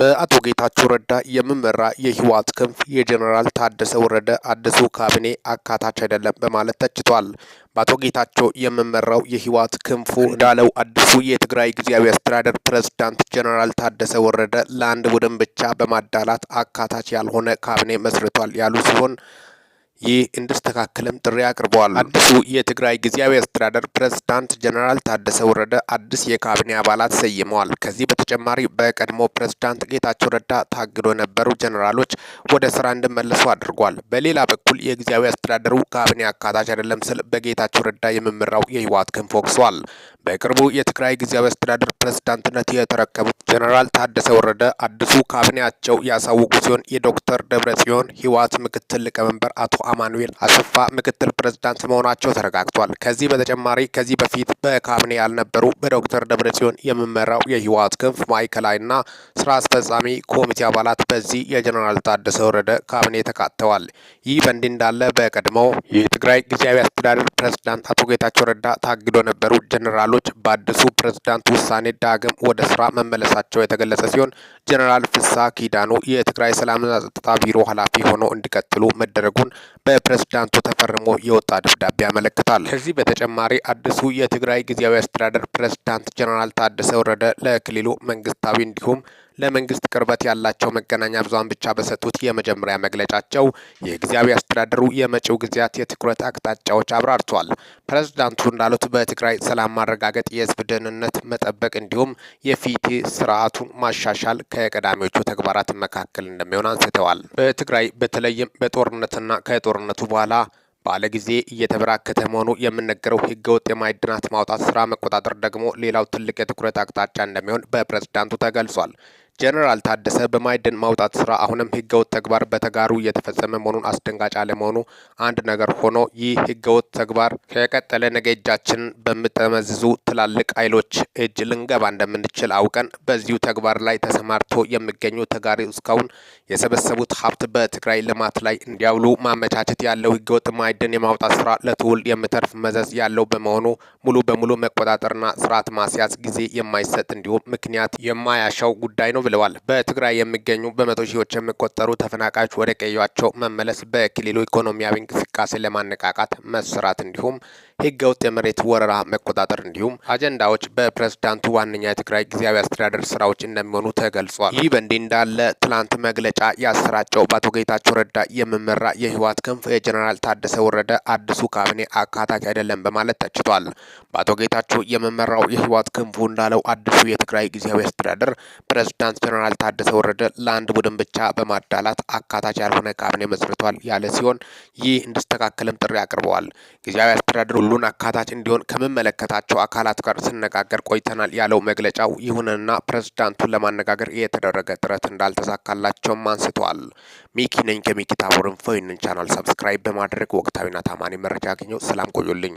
በአቶ ጌታቸው ረዳ የሚመራ የህወሓት ክንፍ የጀኔራል ታደሰ ወረደ አዲሱ ካቢኔ አካታች አይደለም በማለት ተችቷል። በአቶ ጌታቸው የሚመራው የህወሓት ክንፉ እንዳለው አዲሱ የትግራይ ጊዜያዊ አስተዳደር ፕሬዝዳንት ጀኔራል ታደሰ ወረደ ለአንድ ቡድን ብቻ በማዳላት አካታች ያልሆነ ካቢኔ መስርቷል ያሉ ሲሆን ይህ እንዲስተካከልም ጥሪ አቅርበዋል። አዲሱ የትግራይ ጊዜያዊ አስተዳደር ፕሬዝዳንት ጀነራል ታደሰ ወረደ አዲስ የካቢኔ አባላት ሰይመዋል። ከዚህ በተጨማሪ በቀድሞ ፕሬዝዳንት ጌታቸው ረዳ ታግዶ የነበሩ ጀነራሎች ወደ ስራ እንዲመለሱ አድርጓል። በሌላ በኩል የጊዜያዊ አስተዳደሩ ካቢኔ አካታች አይደለም ስል በጌታቸው ረዳ የሚመራው የህወሓት ክንፍ ወቅሷል። በቅርቡ የትግራይ ጊዜያዊ አስተዳደር ፕሬዝዳንትነት የተረከቡት ጀነራል ታደሰ ወረደ አዲሱ ካቢኔያቸው ያሳውቁ ሲሆን የዶክተር ደብረ ጽዮን ህወሓት ምክትል ሊቀመንበር አቶ አማኑኤል አሰፋ ምክትል ፕሬዝዳንት መሆናቸው ተረጋግጧል። ከዚህ በተጨማሪ ከዚህ በፊት በካቢኔ ያልነበሩ በዶክተር ደብረጽዮን የሚመራው የህወሓት ክንፍ ማዕከላዊና ስራ አስፈጻሚ ኮሚቴ አባላት በዚህ የጀነራል ታደሰ ወረደ ካቢኔ ተካተዋል። ይህ በእንዲህ እንዳለ በቀድሞው የትግራይ ጊዜያዊ አስተዳደር ፕሬዝዳንት አቶ ጌታቸው ረዳ ታግዶ ነበሩ ጀነራሎች በአዲሱ ፕሬዝዳንት ውሳኔ ዳግም ወደ ስራ መመለሳቸው የተገለጸ ሲሆን ጀነራል ፍሳ ኪዳኑ የትግራይ ሰላምና ጸጥታ ቢሮ ኃላፊ ሆኖ እንዲቀጥሉ መደረጉን በፕሬዝዳንቱ ተፈርሞ የወጣ ደብዳቤ ያመለክታል። ከዚህ በተጨማሪ አዲሱ የትግራይ ጊዜያዊ አስተዳደር ፕሬዝዳንት ጀነራል ታደሰ ወረደ ለክልሉ መንግስታዊ እንዲሁም ለመንግስት ቅርበት ያላቸው መገናኛ ብዙሃን ብቻ በሰጡት የመጀመሪያ መግለጫቸው የጊዜያዊ አስተዳደሩ የመጪው ጊዜያት የትኩረት አቅጣጫዎች አብራርቷል። ፕሬዝዳንቱ እንዳሉት በትግራይ ሰላም ማረጋገጥ፣ የህዝብ ደህንነት መጠበቅ እንዲሁም የፍትህ ስርዓቱን ማሻሻል ከቀዳሚዎቹ ተግባራት መካከል እንደሚሆን አንስተዋል። በትግራይ በተለይም በጦርነትና ከጦር ከጦርነቱ በኋላ ባለ ጊዜ እየተበራከተ መሆኑ የምነገረው ህገወጥ የማዕድናት ማውጣት ስራ መቆጣጠር ደግሞ ሌላው ትልቅ የትኩረት አቅጣጫ እንደሚሆን በፕሬዝዳንቱ ተገልጿል። ጀነራል ታደሰ በማዕድን ማውጣት ስራ አሁንም ህገወጥ ተግባር በተጋሩ እየተፈጸመ መሆኑን አስደንጋጭ አለመሆኑ አንድ ነገር ሆኖ ይህ ህገወጥ ተግባር ከቀጠለ ነገ እጃችን በምጠመዝዙ ትላልቅ ኃይሎች እጅ ልንገባ እንደምንችል አውቀን በዚሁ ተግባር ላይ ተሰማርቶ የሚገኙ ተጋሪ እስካሁን የሰበሰቡት ሀብት በትግራይ ልማት ላይ እንዲያውሉ ማመቻቸት ያለው ህገወጥ ማዕድን የማውጣት ስራ ለትውል የሚተርፍ መዘዝ ያለው በመሆኑ ሙሉ በሙሉ መቆጣጠርና ስርዓት ማስያዝ ጊዜ የማይሰጥ እንዲሁም ምክንያት የማያሻው ጉዳይ ነው። ብለዋል። በትግራይ የሚገኙ በመቶ ሺዎች የሚቆጠሩ ተፈናቃዮች ወደ ቀያቸው መመለስ በክልሉ ኢኮኖሚያዊ እንቅስቃሴ ለማነቃቃት መስራት እንዲሁም ህገወጥ የመሬት ወረራ መቆጣጠር እንዲሁም አጀንዳዎች በፕሬዝዳንቱ ዋነኛ የትግራይ ጊዜያዊ አስተዳደር ስራዎች እንደሚሆኑ ተገልጿል። ይህ በእንዲህ እንዳለ ትላንት መግለጫ ያሰራጨው በአቶ ጌታቸው ረዳ የሚመራ የህወሓት ክንፍ የጀኔራል ታደሰ ወረደ አዲሱ ካቢኔ አካታች አይደለም በማለት ተችቷል። በአቶ ጌታቸው የሚመራው የህወሓት ክንፉ እንዳለው አዲሱ የትግራይ ጊዜያዊ አስተዳደር ፕሬዝዳንት ጀኔራል ታደሰ ወረደ ለአንድ ቡድን ብቻ በማዳላት አካታች ያልሆነ ካቢኔ መስርቷል ያለ ሲሆን ይህ እንዲስተካከልም ጥሪ አቅርበዋል። ጊዜያዊ አስተዳደሩ ሁሉን አካታች እንዲሆን ከምመለከታቸው አካላት ጋር ስነጋገር ቆይተናል ያለው መግለጫው፣ ይሁንና ፕሬዝዳንቱን ለማነጋገር የተደረገ ጥረት እንዳልተሳካላቸውም አንስተዋል። ሚኪ ነኝ ከሚኪታ ቻናል ሰብስክራይብ በማድረግ ወቅታዊና ታማኒ መረጃ ያገኘው። ሰላም ቆዩልኝ።